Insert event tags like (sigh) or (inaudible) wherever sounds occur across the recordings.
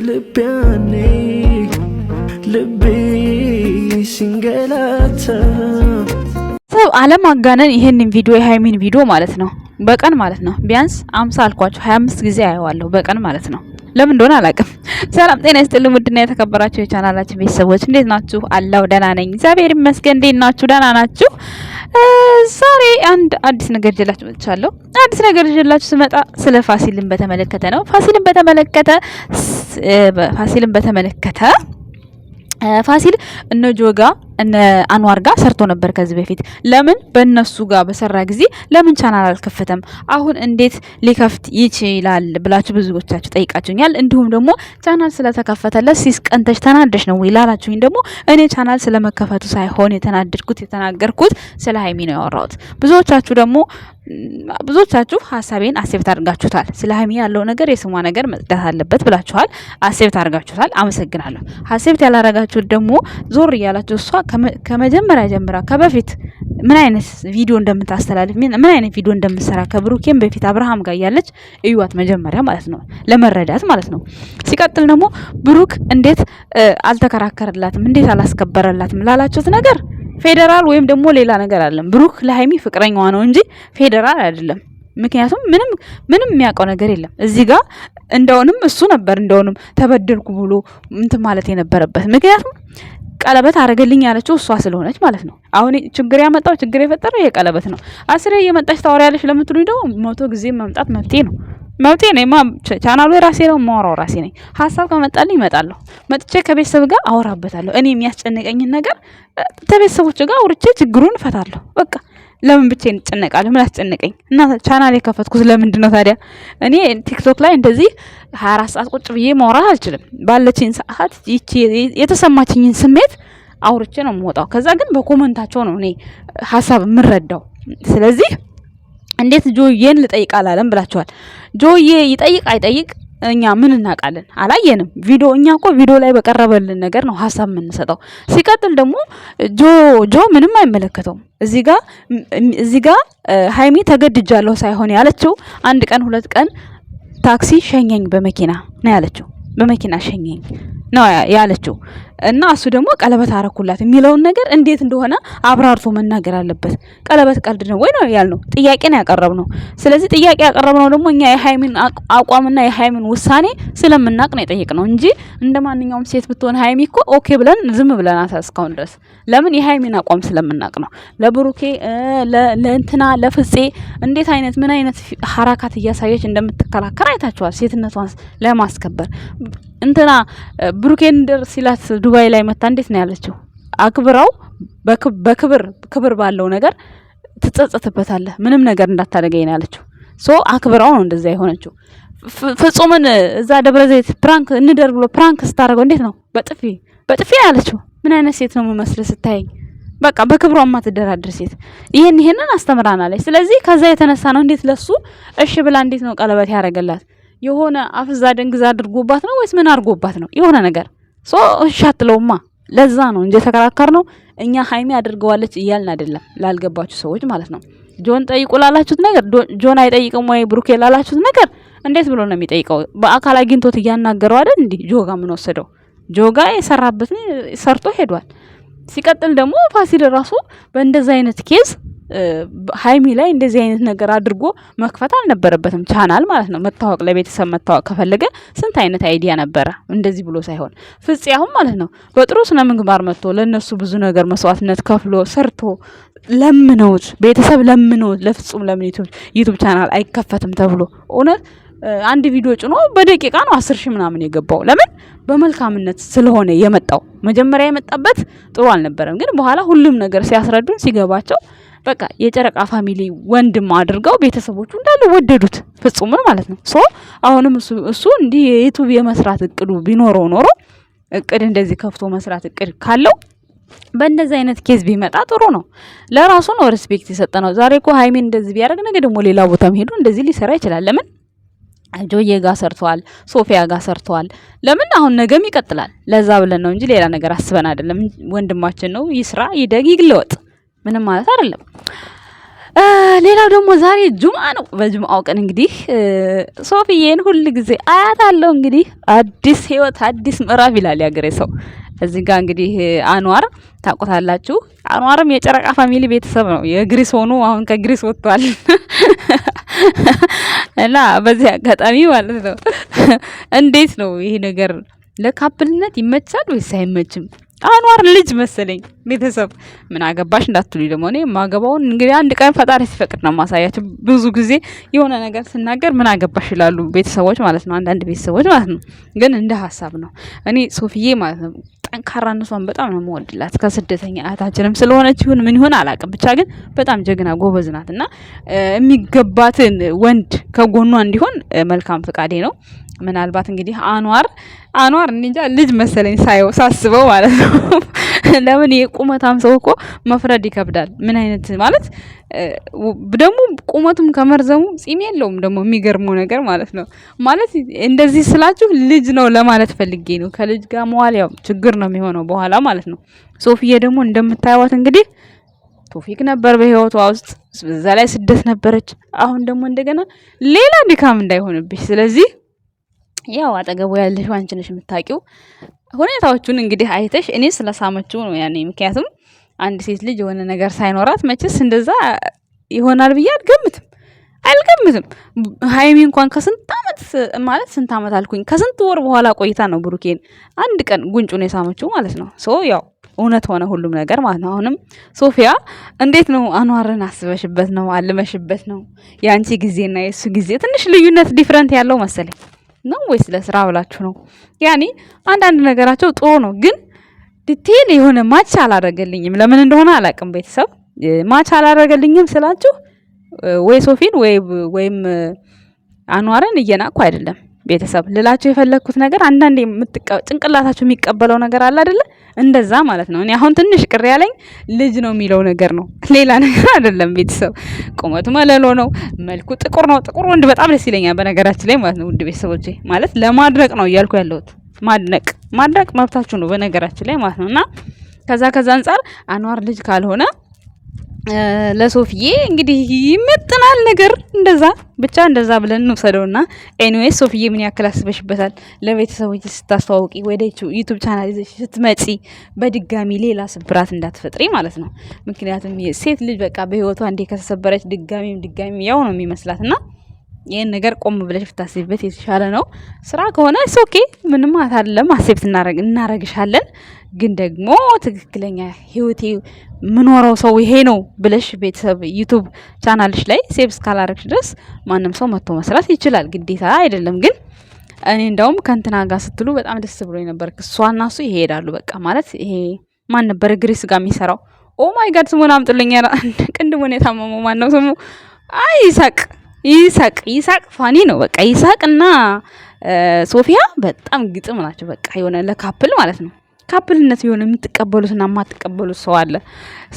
በልብ ያኔ ልቤ ሲንገላታ ሰብ አለማጋነን ይሄንን ቪዲዮ የሀይሚን ቪዲዮ ማለት ነው በቀን ማለት ነው ቢያንስ አምሳ አልኳቸው ሀያ አምስት ጊዜ አየዋለሁ በቀን ማለት ነው። ለምን እንደሆነ አላውቅም። ሰላም ጤና ይስጥልኝ። ውድና የተከበራችሁ የቻናላችን ቤተሰቦች እንዴት ናችሁ? አላው ደህና ነኝ፣ እግዚአብሔር ይመስገን። እንዴት ናችሁ? ደህና ናችሁ? ዛሬ አንድ አዲስ ነገር ይዤላችሁ መጥቻለሁ። አዲስ ነገር ይዤላችሁ ስመጣ ስለ ፋሲልን በተመለከተ ነው። ፋሲልን በተመለከተ ፋሲልን በተመለከተ ፋሲል እነ ጆጋ እነ አንዋር ጋር ሰርቶ ነበር ከዚህ በፊት። ለምን በእነሱ ጋር በሰራ ጊዜ ለምን ቻናል አልከፈተም? አሁን እንዴት ሊከፍት ይችላል ብላችሁ ብዙዎቻችሁ ጠይቃችሁኛል። እንዲሁም ደግሞ ቻናል ስለተከፈተለት ቀንተሽ ተናደሽ ነው ይላላችሁኝ። ደግሞ እኔ ቻናል ስለመከፈቱ ሳይሆን የተናደድኩት የተናገርኩት ስለ ሀይሚ ነው ያወራሁት። ብዙዎቻችሁ ደግሞ ብዙዎቻችሁ ሀሳቤን አሴብት አድርጋችሁታል። ስለ ሀይሚ ያለው ነገር የስሟ ነገር መጽዳት አለበት ብላችኋል። አሴብት አድርጋችሁታል። አመሰግናለሁ። አሴብት ያላረጋችሁት ደግሞ ዞር እያላችሁ እሷ ከመጀመሪያ ጀምራ ከበፊት ምን አይነት ቪዲዮ እንደምታስተላልፍ ምን አይነት ቪዲዮ እንደምትሰራ ከብሩኬም በፊት አብርሃም ጋር እያለች እዩዋት መጀመሪያ ማለት ነው፣ ለመረዳት ማለት ነው። ሲቀጥል ደግሞ ብሩክ እንዴት አልተከራከረላትም እንዴት አላስከበረላትም ላላችሁት ነገር ፌዴራል ወይም ደግሞ ሌላ ነገር አለም። ብሩክ ለሀይሚ ፍቅረኛዋ ነው እንጂ ፌዴራል አይደለም። ምክንያቱም ምንም ምንም የሚያውቀው ነገር የለም እዚህ ጋር እንደውንም እሱ ነበር እንደውንም ተበደልኩ ብሎ እንትን ማለት የነበረበት ምክንያቱም ቀለበት አረገልኝ ያለችው እሷ ስለሆነች ማለት ነው። አሁን ችግር ያመጣው ችግር የፈጠረው የቀለበት ነው። አስሬ እየመጣች ታወሪያለች ለምትሉኝ ደግሞ መቶ ጊዜ መምጣት መብቴ ነው። መብቴ ነው። ቻናሉ የራሴ ነው። ማወራው ራሴ ነኝ። ሀሳብ ከመጣልኝ ይመጣለሁ። መጥቼ ከቤተሰብ ጋር አወራበታለሁ። እኔ የሚያስጨንቀኝን ነገር ከቤተሰቦች ጋር አውርቼ ችግሩን እፈታለሁ። በቃ ለምን ብቻ እንጨነቃለሁ? ምን አስጨነቀኝ? እና ቻናል የከፈትኩት ለምንድን ነው ታዲያ? እኔ ቲክቶክ ላይ እንደዚህ ሀያ አራት ሰዓት ቁጭ ብዬ ማውራት አልችልም። ባለችኝ ሰዓት ይቺ የተሰማችኝን ስሜት አውርቼ ነው የምወጣው። ከዛ ግን በኮመንታቸው ነው እኔ ሀሳብ የምረዳው። ስለዚህ እንዴት ጆዬን ልጠይቅ አላለም ብላችኋል። ጆዬ ይጠይቅ አይጠይቅ እኛ ምን እናውቃለን? አላየንም። ቪዲዮ እኛ እኮ ቪዲዮ ላይ በቀረበልን ነገር ነው ሀሳብ የምንሰጠው። ሲቀጥል ደግሞ ጆ ጆ ምንም አይመለከተውም። እዚህ ጋ እዚህ ጋ ሀይሚ ተገድጃለሁ ሳይሆን ያለችው አንድ ቀን ሁለት ቀን ታክሲ ሸኘኝ በመኪና ነው ያለችው። በመኪና ሸኘኝ ነው ያለችው። እና እሱ ደግሞ ቀለበት አረኩላት የሚለውን ነገር እንዴት እንደሆነ አብራርቶ መናገር አለበት። ቀለበት ቀልድ ነው ወይ ነው ያልነው፣ ጥያቄን ያቀረብ ነው። ስለዚህ ጥያቄ ያቀረብነው ደግሞ እኛ የሀይሚን አቋምና የሀይሚን ውሳኔ ስለምናቅ ነው የጠየቅነው እንጂ እንደ ማንኛውም ሴት ብትሆን ሀይሚ እኮ ኦኬ ብለን ዝም ብለናት እስካሁን ድረስ ለምን? የሀይሚን አቋም ስለምናቅ ነው። ለብሩኬ ለእንትና ለፍፄ እንዴት አይነት ምን አይነት ሀራካት እያሳየች እንደምትከላከል አይታችኋል። ሴትነቷን ለማስከበር እንትና ብሩኬን ደር ሲላት ዱባይ ላይ መታ እንዴት ነው ያለችው? አክብረው በክብር ክብር ባለው ነገር ትጸጸትበታለህ፣ ምንም ነገር እንዳታደርገኝ ነው ያለችው። ሶ አክብረው ነው እንደዛ የሆነችው። ፍጹምን እዛ ደብረ ዘይት ፕራንክ እንደር ብሎ ፕራንክ ስታደርገው እንዴት ነው በጥፊ በጥፊ ያለችው። ምን አይነት ሴት ነው የምመስል ስታየኝ በቃ በክብሯ የማትደራደር ሴት ይሄን ይሄንን አስተምራናለች። ስለዚህ ከዛ የተነሳ ነው እንዴት ለሱ እሺ ብላ እንዴት ነው ቀለበት ያደረገላት። የሆነ አፍዛ ደንግዛ አድርጎባት ነው ወይስ ምን አድርጎባት ነው? የሆነ ነገር ሶ እሻትለውማ ለዛ ነው እንጂ የተከራከር ነው። እኛ ሀይሚ አድርገዋለች እያልን አይደለም። ላልገባችሁ ሰዎች ማለት ነው። ጆን ጠይቁ ላላችሁት ነገር ጆን አይጠይቅም ወይ ብሩኬ ላላችሁት ነገር እንዴት ብሎ ነው የሚጠይቀው? በአካል አግኝቶት እያናገረው አይደል? እንዲህ ጆጋ ምን ወሰደው? ጆጋ የሰራበትን ሰርቶ ሄዷል። ሲቀጥል ደግሞ ፋሲል ራሱ በእንደዛ አይነት ኬዝ ሀይሚ ላይ እንደዚህ አይነት ነገር አድርጎ መክፈት አልነበረበትም። ቻናል ማለት ነው መታወቅ፣ ለቤተሰብ መታወቅ ከፈለገ ስንት አይነት አይዲያ ነበረ፣ እንደዚህ ብሎ ሳይሆን ፍጽ አሁን ማለት ነው በጥሩ ስነ ምግባር መጥቶ ለእነሱ ብዙ ነገር መስዋዕትነት ከፍሎ ሰርቶ ለምነውት ቤተሰብ ለምነውት ለፍጹም ለምን ዩቱብ ቻናል አይከፈትም ተብሎ እውነት አንድ ቪዲዮ ጭኖ በደቂቃ ነው አስር ሺህ ምናምን የገባው። ለምን በመልካምነት ስለሆነ የመጣው መጀመሪያ የመጣበት ጥሩ አልነበረም፣ ግን በኋላ ሁሉም ነገር ሲያስረዱን ሲገባቸው በቃ የጨረቃ ፋሚሊ ወንድም አድርገው ቤተሰቦቹ እንዳለ ወደዱት ፍጹምን ማለት ነው። ሶ አሁንም እሱ እንዲህ የዩቱብ የመስራት እቅዱ ቢኖረው ኖሮ እቅድ እንደዚህ ከፍቶ መስራት እቅድ ካለው በእንደዚህ አይነት ኬዝ ቢመጣ ጥሩ ነው። ለራሱ ነው ሪስፔክት የሰጠ ነው። ዛሬ እኮ ሀይሜን እንደዚህ ቢያደርግ ነገ ደግሞ ሌላ ቦታ ሄዱ እንደዚህ ሊሰራ ይችላል። ለምን ጆዬ ጋር ሰርተዋል፣ ሶፊያ ጋር ሰርተዋል። ለምን አሁን ነገም ይቀጥላል። ለዛ ብለን ነው እንጂ ሌላ ነገር አስበን አይደለም። ወንድማችን ነው፣ ይስራ፣ ይደግ፣ ይግለወጥ። ምንም ማለት አይደለም። ሌላው ደግሞ ዛሬ ጁምአ ነው። በጁምአው ቀን እንግዲህ ሶፊዬን ሁል ጊዜ አለው እንግዲህ አዲስ ህይወት አዲስ ምዕራፍ ይላል ያገሬ ሰው። እዚህ ጋር እንግዲህ አንዋር ታቆታላችሁ። አንዋርም የጨረቃ ፋሚሊ ቤተሰብ ነው። የግሪስ ሆኑ አሁን ከግሪስ ወጥቷል (laughs) እና በዚህ አጋጣሚ ማለት ነው (laughs) እንዴት ነው ይሄ ነገር ለካፕልነት ይመቻል ወይስ አይመችም? አኗር ልጅ መሰለኝ። ቤተሰብ ምን አገባሽ እንዳትሉ ደግሞ እኔ ማገባውን እንግዲህ አንድ ቀን ፈጣሪ ሲፈቅድ ነው ማሳያቸው። ብዙ ጊዜ የሆነ ነገር ስናገር ምን አገባሽ ይላሉ ቤተሰቦች ማለት ነው፣ አንዳንድ ቤተሰቦች ማለት ነው። ግን እንደ ሀሳብ ነው። እኔ ሶፍዬ ማለት ነው ጠንካራነቷን በጣም ነው የምወድላት። ከስደተኛ እህታችንም ስለሆነች ይሁን ምን ይሁን አላውቅም፣ ብቻ ግን በጣም ጀግና ጎበዝ ናት እና የሚገባትን ወንድ ከጎኗ እንዲሆን መልካም ፈቃዴ ነው። ምናልባት እንግዲህ አኗር አኗር እንጃ ልጅ መሰለኝ ሳየው ሳስበው ማለት ነው። (laughs) ለምን የቁመታም ሰው እኮ መፍረድ ይከብዳል። ምን አይነት ማለት ደግሞ ቁመቱም ከመርዘሙ ጺም የለውም ደግሞ የሚገርመው ነገር ማለት ነው። ማለት እንደዚህ ስላችሁ ልጅ ነው ለማለት ፈልጌ ነው። ከልጅ ጋር መዋል ያው ችግር ነው የሚሆነው በኋላ ማለት ነው። ሶፊዬ ደግሞ እንደምታዩዋት እንግዲህ ቶፊክ ነበር በህይወቷ ውስጥ በዛ ላይ ስደት ነበረች። አሁን ደግሞ እንደገና ሌላ ድካም እንዳይሆንብሽ ስለዚህ ያው አጠገቡ ያለሽ አንቺ ነሽ የምታውቂው። ሁኔታዎቹን እንግዲህ አይተሽ እኔ ስለሳመችው ነው ያኔ። ምክንያቱም አንድ ሴት ልጅ የሆነ ነገር ሳይኖራት መቼስ እንደዛ ይሆናል ብዬ አልገምትም አልገምትም። ሀይሚ እንኳን ከስንት አመት ማለት ስንት አመት አልኩኝ ከስንት ወር በኋላ ቆይታ ነው ብሩኬን አንድ ቀን ጉንጩን የሳመችው ማለት ነው። ሶ ያው እውነት ሆነ ሁሉም ነገር ማለት ነው። አሁንም ሶፊያ እንዴት ነው አኗርን አስበሽበት ነው አልመሽበት ነው? የአንቺ ጊዜና የእሱ ጊዜ ትንሽ ልዩነት ዲፍረንት ያለው መሰለኝ። ነው ወይስ ለስራ ብላችሁ ነው? ያኔ አንዳንድ ነገራቸው ጥሩ ነው፣ ግን ዲቴል የሆነ ማች አላደረገልኝም። ለምን እንደሆነ አላቅም። ቤተሰብ ማች አላደረገልኝም ስላችሁ ወይ ሶፊን ወይም አኗርን እየናቅኩ አይደለም። ቤተሰብ ልላችሁ የፈለግኩት ነገር አንዳንዴ ጭንቅላታችሁ የሚቀበለው ነገር አለ አይደለ? እንደዛ ማለት ነው። እኔ አሁን ትንሽ ቅር ያለኝ ልጅ ነው የሚለው ነገር ነው፣ (laughs) ሌላ ነገር አይደለም። ቤተሰብ ቁመቱ መለሎ ነው፣ መልኩ ጥቁር ነው። ጥቁር ወንድ በጣም ደስ ይለኛል፣ በነገራችን ላይ ማለት ነው። ውድ ቤተሰቦቼ ማለት ለማድረቅ ነው እያልኩ ያለሁት ማድነቅ ማድረቅ መብታችሁ ነው፣ በነገራችን ላይ ማለት ነው። እና ከዛ ከዛ አንጻር አኗር ልጅ ካልሆነ ለሶፍዬ እንግዲህ ይመጥናል ነገር እንደዛ ብቻ እንደዛ ብለን እንውሰደውና፣ ኤኒዌይስ ሶፍዬ ምን ያክል አስበሽበታል? ለቤተሰቦች ስታስተዋውቂ ወደ ዩቱብ ቻናል ይዘሽ ስትመጪ በድጋሚ ሌላ ስብራት እንዳትፈጥሪ ማለት ነው። ምክንያቱም ሴት ልጅ በቃ በህይወቷ እንዴ ከተሰበረች ድጋሚም ድጋሚም ያው ነው የሚመስላትና ይህን ነገር ቆም ብለሽ ብታስቢበት የተሻለ ነው። ስራ ከሆነ ኦኬ ምንም አታለም አሴብት እናረግሻለን። ግን ደግሞ ትክክለኛ ህይወቴ ምኖረው ሰው ይሄ ነው ብለሽ ቤተሰብ ዩቱብ ቻናልሽ ላይ ሴብ እስካላረግሽ ድረስ ማንም ሰው መጥቶ መስራት ይችላል። ግዴታ አይደለም ግን እኔ እንደውም ከንትና ጋር ስትሉ በጣም ደስ ብሎ ነበር። እሷና እሱ ይሄዳሉ። በቃ ማለት ይሄ ማን ነበር ግሪስ ጋር የሚሰራው? ኦ ማይ ጋድ ስሙን አምጡልኝ። ቅንድቡን የታመመው ማን ነው ስሙ? አይ ይሳቅ ይሳቅ ይሳቅ ፋኒ ነው በቃ ይሳቅና ሶፊያ በጣም ግጥም ናቸው። በቃ የሆነ ለካፕል ማለት ነው። ካፕልነት ቢሆን የምትቀበሉትና የማትቀበሉት ሰው አለ።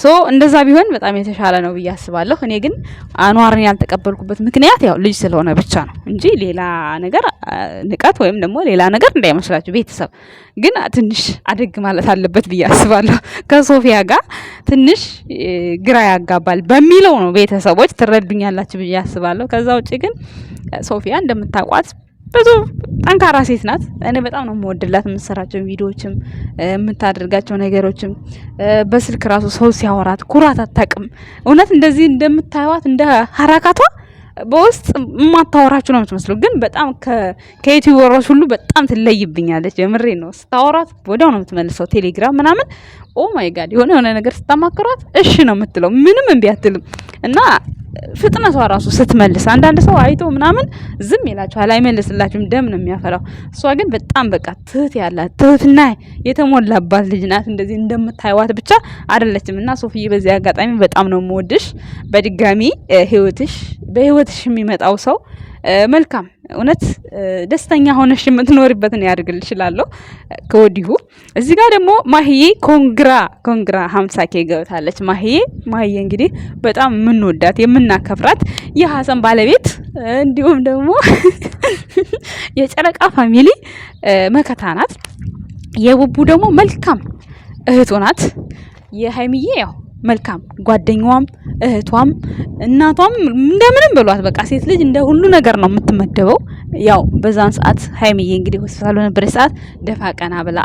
ሶ እንደዛ ቢሆን በጣም የተሻለ ነው ብዬ አስባለሁ። እኔ ግን አኗርን ያልተቀበልኩበት ምክንያት ያው ልጅ ስለሆነ ብቻ ነው እንጂ ሌላ ነገር ንቀት ወይም ደግሞ ሌላ ነገር እንዳይመስላችሁ ቤተሰብ ግን ትንሽ አደግ ማለት አለበት ብዬ አስባለሁ። ከሶፊያ ጋር ትንሽ ግራ ያጋባል በሚለው ነው ቤተሰቦች ትረዱኛላችሁ ብዬ አስባለሁ። ከዛ ውጭ ግን ሶፊያ እንደምታውቋት ብዙ ጠንካራ ሴት ናት። እኔ በጣም ነው የምወድላት። የምሰራቸውን ቪዲዮዎችም የምታደርጋቸው ነገሮችም በስልክ ራሱ ሰው ሲያወራት ኩራት አታውቅም። እውነት እንደዚህ እንደምታዩት እንደ ሀራካቷ በውስጥ የማታወራችሁ ነው የምትመስለው፣ ግን በጣም ከዩቲዩበሮች ሁሉ በጣም ትለይብኛለች። የምሬ ነው። ስታወራት ወዲያው ነው የምትመልሰው። ቴሌግራም ምናምን ኦ ማይ ጋድ የሆነ የሆነ ነገር ስታማክሯት እሺ ነው የምትለው፣ ምንም እምቢ አትልም እና ፍጥነቷ ራሱ ስትመልስ አንዳንድ ሰው አይቶ ምናምን ዝም ይላችኋል፣ አይመልስላችሁም። ደም ነው የሚያፈራው። እሷ ግን በጣም በቃ ትህት ያላት ትህትና የተሞላባት ልጅ ናት። እንደዚህ እንደምታይዋት ብቻ አይደለችም። እና ሶፍዬ በዚህ አጋጣሚ በጣም ነው የምወድሽ። በድጋሚ ህይወትሽ በህይወትሽ የሚመጣው ሰው መልካም እውነት ደስተኛ ሆነሽ የምትኖሪበትን ያድርግል እችላለሁ ከወዲሁ። እዚህ ጋር ደግሞ ማህዬ ኮንግራ ኮንግራ ሀምሳ ኬ ገብታለች። ማህዬ ማህዬ እንግዲህ በጣም የምንወዳት የምናከፍራት የሀሰን ባለቤት እንዲሁም ደግሞ (laughs) የጨረቃ ፋሚሊ መከታ ናት። የቡቡ ደግሞ መልካም እህቱ ናት። የሀይሚዬ ያው መልካም ጓደኛዋም እህቷም እናቷም እንደምንም ብሏት በቃ ሴት ልጅ እንደ ሁሉ ነገር ነው የምትመደበው። ያው በዛን ሰዓት ሀይሚዬ እንግዲህ ሆስፒታል በነበረ ሰዓት ደፋ ቀና ብላ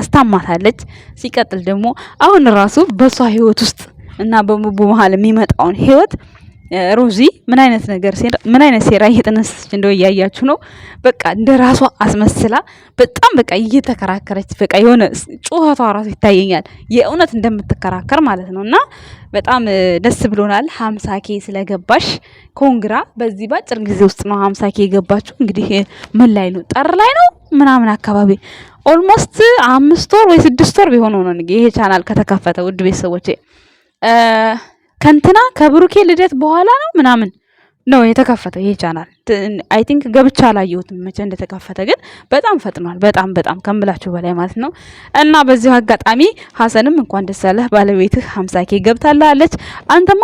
አስታማታለች። ሲቀጥል ደግሞ አሁን ራሱ በእሷ ህይወት ውስጥ እና በሙቡ መሀል የሚመጣውን ህይወት ሮዚ ምን አይነት ነገር ምን አይነት ሴራ እየጠነሰሰች እንደው እያያችሁ ነው። በቃ እንደ ራሷ አስመስላ በጣም በቃ እየተከራከረች በቃ የሆነ ጩኸቷ ራሱ ይታየኛል የእውነት እንደምትከራከር ማለት ነው። እና በጣም ደስ ብሎናል። ሀምሳ ኬ ስለገባሽ ኮንግራ። በዚህ ባጭር ጊዜ ውስጥ ነው ሀምሳ ኬ የገባችሁ። እንግዲህ ምን ላይ ነው ጠር ላይ ነው ምናምን አካባቢ ኦልሞስት አምስት ወር ወይ ስድስት ወር ቢሆን ሆነ ይሄ ቻናል ከተከፈተ ውድ ቤተሰቦቼ ከንትና ከብሩኬ ልደት በኋላ ነው ምናምን ነው የተከፈተው ይሄ ቻናል። አይ ቲንክ ገብቻ አላየሁትም መቼ እንደተከፈተ ግን በጣም ፈጥኗል። በጣም በጣም ከምላችሁ በላይ ማለት ነው። እና በዚሁ አጋጣሚ ሀሰንም እንኳን ደስ ያለህ ባለቤትህ ሀምሳ ኬ ገብታላለች። አንተማ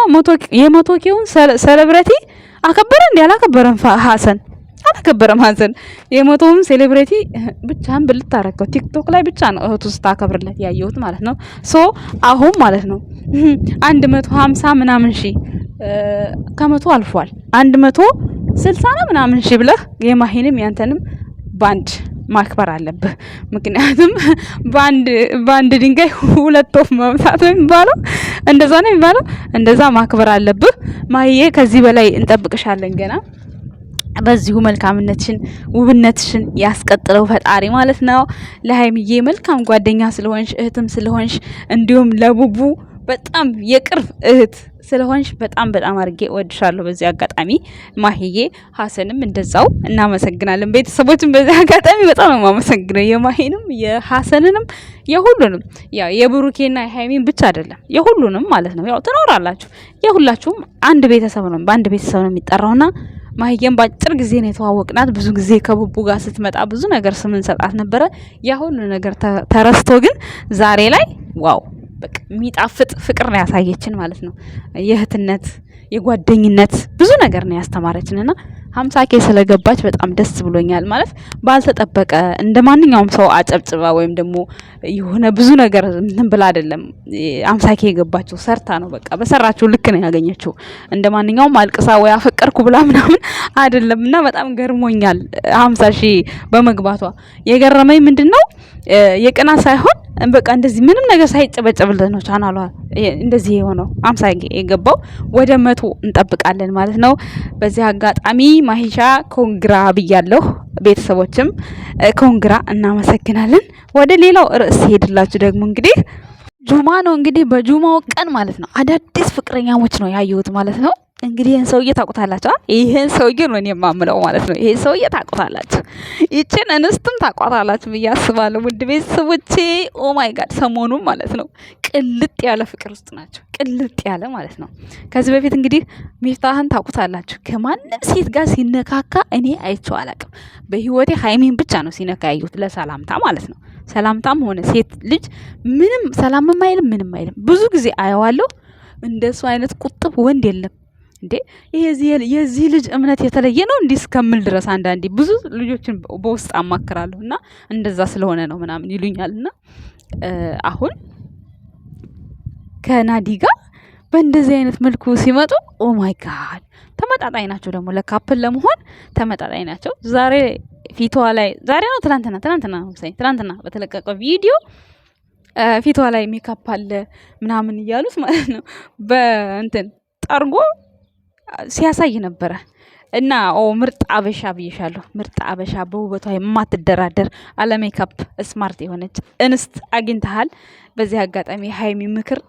የመቶ ኬውን ሰለብረቲ አከበረ እንዲ አላከበረን ሀሰን አከበረም ማዘን የሞተውም ሴሌብሬቲ ብቻህን ብልታረከው ቲክቶክ ላይ ብቻ ነው እህቱ ስታከብርለት ያየሁት ማለት ነው። ሶ አሁን ማለት ነው (clears throat) አንድ መቶ ሀምሳ ምናምን ሺህ ከመቶ አልፏል። አንድ መቶ ስልሳ ነው ምናምን ሺ ብለህ የማሂንም ያንተንም ባንድ ማክበር አለብህ። ምክንያቱም በአንድ (clears throat) ድንጋይ ሁለት ወፍ መምታት ነው የሚባለው፣ እንደዛ ነው የሚባለው። እንደዛ ማክበር አለብህ። ማሂዬ ከዚህ በላይ እንጠብቅሻለን ገና በዚሁ መልካምነትሽን ውብነትሽን ያስቀጥለው ፈጣሪ ማለት ነው። ለሀይሚዬ መልካም ጓደኛ ስለሆንሽ እህትም ስለሆንሽ እንዲሁም ለቡቡ በጣም የቅርብ እህት ስለሆንሽ በጣም በጣም አድርጌ እወድሻለሁ። በዚህ አጋጣሚ ማሄዬ ሀሰንም እንደዛው እናመሰግናለን። ቤተሰቦችን በዚህ አጋጣሚ በጣም ነው የማመሰግነው የማሄንም የሀሰንንም የሁሉንም ያው የብሩኬና የሀይሚን ብቻ አይደለም የሁሉንም ማለት ነው። ያው ትኖራላችሁ የሁላችሁም አንድ ቤተሰብ ነው በአንድ ቤተሰብ ነው የሚጠራውና ማህየም በአጭር ጊዜ ነው የተዋወቅናት። ብዙ ጊዜ ከቡቡ ጋር ስትመጣ ብዙ ነገር ስምንሰጣት ነበረ። ያ ሁሉ ነገር ተረስቶ ግን ዛሬ ላይ ዋው በቃ የሚጣፍጥ ፍቅር ነው ያሳየችን ማለት ነው። የእህትነት የጓደኝነት ብዙ ነገር ነው ያስተማረችንና ሀምሳ ኬ ስለገባች በጣም ደስ ብሎኛል። ማለት ባልተጠበቀ እንደ ማንኛውም ሰው አጨብጭባ ወይም ደግሞ የሆነ ብዙ ነገር እንትን ብላ አይደለም ሀምሳ ኬ የገባችው ሰርታ ነው። በቃ በሰራችው ልክ ነው ያገኘችው። እንደ ማንኛውም አልቅሳ ወይ አፈቀርኩ ብላ ምናምን አይደለም እና በጣም ገርሞኛል ሀምሳ ሺህ በመግባቷ የገረመኝ ምንድን ነው የቅና ሳይሆን በቃ እንደዚህ ምንም ነገር ሳይጨበጨብለት ነው ቻናሏ እንደዚህ የሆነው አምሳ የገባው ወደ መቶ እንጠብቃለን ማለት ነው። በዚህ አጋጣሚ ማሂሻ ኮንግራ ብያለሁ። ቤተሰቦችም ኮንግራ እናመሰግናለን። ወደ ሌላው ርዕስ ሄድላችሁ ደግሞ እንግዲህ ጁማ ነው እንግዲህ በጁማው ቀን ማለት ነው አዳዲስ ፍቅረኛሞች ነው ያየሁት ማለት ነው። እንግዲህ ይህን ሰውዬ ታውቁታላችሁ። ይህን ሰውዬ ነው እኔ የማምለው ማለት ነው። ይህን ሰውዬ ታውቁታላችሁ፣ ይችን እንስትም ታውቋታላችሁ ብዬ አስባለሁ። ውድ ቤተሰቦቼ ማይ ጋድ ሰሞኑን ማለት ነው ቅልጥ ያለ ፍቅር ውስጥ ናቸው። ቅልጥ ያለ ማለት ነው። ከዚህ በፊት እንግዲህ ሚፍታህን ታውቁታላችሁ። ከማንም ሴት ጋር ሲነካካ እኔ አይቼው አላቅም በህይወቴ። ሀይሜን ብቻ ነው ሲነካ ያየሁት ለሰላምታ ማለት ነው። ሰላምታም ሆነ ሴት ልጅ ምንም ሰላምም አይልም ምንም አይልም። ብዙ ጊዜ አየዋለሁ። እንደሱ አይነት ቁጥብ ወንድ የለም። እንዴ ይሄ የዚህ ልጅ እምነት የተለየ ነው እንዲህ እስከምል ድረስ አንዳንዴ ብዙ ልጆችን በውስጥ አማክራለሁ እና እንደዛ ስለሆነ ነው ምናምን ይሉኛል። እና አሁን ከናዲ ጋር በእንደዚህ አይነት መልኩ ሲመጡ ኦ ማይ ጋድ ተመጣጣኝ ናቸው። ደግሞ ለካፕል ለመሆን ተመጣጣኝ ናቸው። ዛሬ ፊቷ ላይ ዛሬ ነው ትናንትና ትናንትና ነው ትናንትና በተለቀቀው ቪዲዮ ፊቷ ላይ ሜካፕ አለ ምናምን እያሉት ማለት ነው በእንትን ጠርጎ ሲያሳይ ነበረ። እና ኦ ምርጥ አበሻ ብዬሻለሁ። ምርጥ አበሻ በውበቷ የማትደራደር አለሜካፕ ስማርት የሆነች እንስት አግኝተሃል። በዚህ አጋጣሚ ሀይሚ ምክር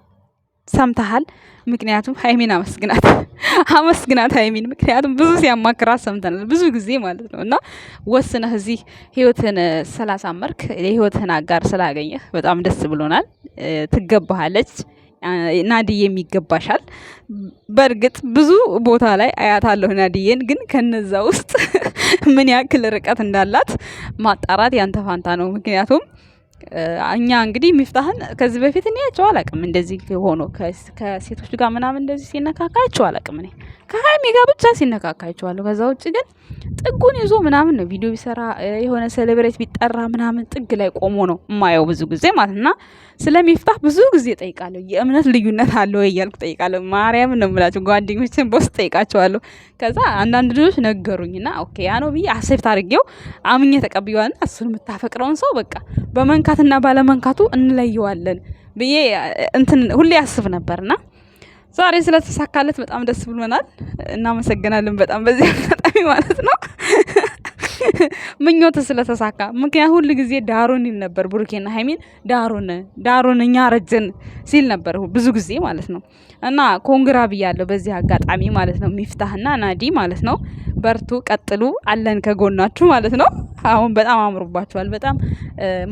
ሰምተሃል። ምክንያቱም ሀይሚን አመስግናት (laughs) አመስግናት ሀይሚን። ምክንያቱም ብዙ ሲያማክራ ሰምተናል፣ ብዙ ጊዜ ማለት ነው። እና ወስነህ እዚህ ህይወትህን ስላሳመርክ የህይወትህን አጋር ስላገኘህ በጣም ደስ ብሎናል። ትገባሃለች። ናድዬ የሚገባሻል። በእርግጥ ብዙ ቦታ ላይ አያታለሁ ናድዬን፣ ግን ከነዛ ውስጥ (laughs) ምን ያክል ርቀት እንዳላት ማጣራት ያንተ ፋንታ ነው። ምክንያቱም እኛ እንግዲህ ሚፍታህን ከዚህ በፊት እኔ ያቸው አላቅም እንደዚህ ሆኖ ከሴቶች ጋር ምናምን እንደዚህ ሲነካካ አይቼው አላቅም። እኔ ከሀይሚ ጋር ብቻ ሲነካካ ከዛ ውጭ ግን ጥጉን ይዞ ምናምን ነው ቪዲዮ ቢሰራ የሆነ ሴሌብሬት ቢጠራ ምናምን ጥግ ላይ ቆሞ ነው የማየው ብዙ ጊዜ ማለት እና ስለ ሚፍታህ ብዙ ጊዜ ጠይቃለሁ። የእምነት ልዩነት አለ ወይ እያልኩ ጠይቃለሁ። ማርያም ነው የምላቸው ጓደኞችን በውስጥ ጠይቃቸዋለሁ። ከዛ አንዳንድ ልጆች ነገሩኝና ኦኬ ያ ነው ብዬ አሴፍት አድርጌው አምኜ ተቀብያዋልና እሱን የምታፈቅረውን ሰው በቃ በመንካ መንካትና ባለመንካቱ እንለየዋለን ብዬ እንትን ሁሌ ያስብ ነበርና ዛሬ ስለተሳካለት በጣም ደስ ብሎናል። እናመሰግናለን በጣም በዚህ አጋጣሚ ማለት ነው። ምኞት ስለተሳካ። ምክንያቱም ሁሉ ጊዜ ዳሩን ይል ነበር ብሩኬና ሀይሚን ዳሩን ዳሩን እኛ ረጀን ሲል ነበር ብዙ ጊዜ ማለት ነው። እና ኮንግራ ብያለሁ በዚህ አጋጣሚ ማለት ነው ሚፍታህና ናዲ ማለት ነው። በርቱ፣ ቀጥሉ፣ አለን ከጎናችሁ ማለት ነው። አሁን በጣም አምሮባችኋል። በጣም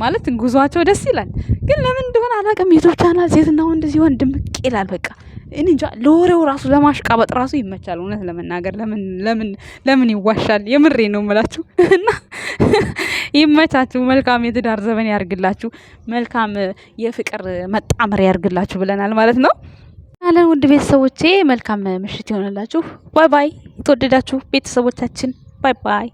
ማለት ጉዟቸው ደስ ይላል። ግን ለምን እንደሆነ አላውቅም። ዩቱብ ቻናል ሴትና ወንድ ሲሆን ድምቅ ይላል በቃ እኔ እንጃ ለወሬው ራሱ ለማሽቃበጥ ራሱ ይመቻል። እውነት ለመናገር ለምን ለምን ለምን ይዋሻል? የምሬ ነው የምላችሁ (laughs) እና ይመቻችሁ። መልካም የትዳር ዘመን ያርግላችሁ። መልካም የፍቅር መጣመር ያርግላችሁ ብለናል ማለት ነው። አለን ውድ ቤተሰቦቼ መልካም ምሽት ይሆንላችሁ። ባይ ባይ። የተወደዳችሁ ቤተሰቦቻችን ባይ ባይ።